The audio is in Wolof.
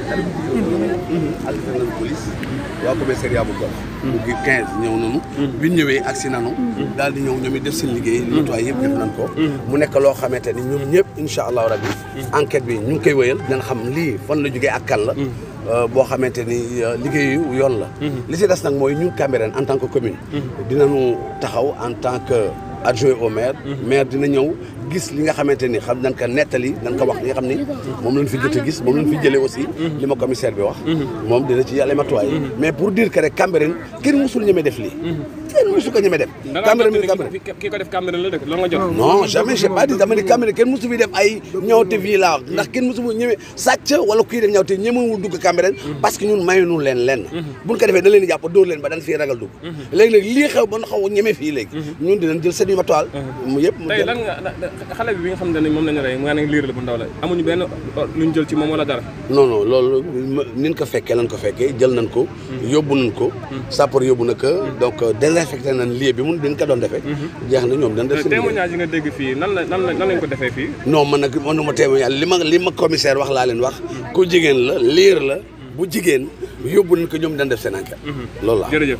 agsi nañu police waa commissariat bu Golf bu gi quinze ñëw nañu bi ñëwee agsi nañu daal di ñëw ñoom it def seen liggéey nettoyé yëpp def nañ ko mu nekk loo xamante ni ñoom ñëpp insha allah rabbi enquête bi ñu ngi koy wéyal dinañ xam lii fan la jógee ak kan boo xamante ni liggéeyu yoon la li si des nag mooy ñun Cambérène en tant que commune dinañu taxaw en tant que adjoint au maire. Mhm. maire dina ñëw gis li nga xamante ni xam nañ ka nettali nañ ko wax li nga xam ni mhm. moom lañ fi jot gis moom lañ fi jëlee aussi. Mhm. li ma commissaire bi wax. moom dina ci yàlla matuwaay. mais pour dire que rek Cambérène kenn mësul ñeme def lii. kenn musu ko ñeme dem. Cambérène ki ko def Cambérène la dëkk loolu nga jot. non jamais j'ai pas kenn musu fi def ay ñawteef yi laa ndax kenn musu mu def parce que ñun mayuñu leen lenn buñ ko defee da leen di jàpp leen ba dañ fii ragal dugg léegi nag lii xew ba nu xaw ñeme fii léegi ñun dinañ jël seen yu matuwaal mu jël ci moom wala dara non non loolu nin ko fekkee lan ko fekkee jël nañ ko yóbbu nañ ko hmm. sapeur yóbbu na ko donc désinfecté nañ lii bi mun dañ ko doon defee jeex na ñoom dañ def seen témoignage yi nga dégg nan la nan la nan lañ ko defee fii non man nag mënu ma témoignage li ma li ma commissaire wax laa leen wax ku jigéen la liir la bu jigéen yóbbu nañ ko ñoom dan def seen enquête mhm. loolu la jërëjëf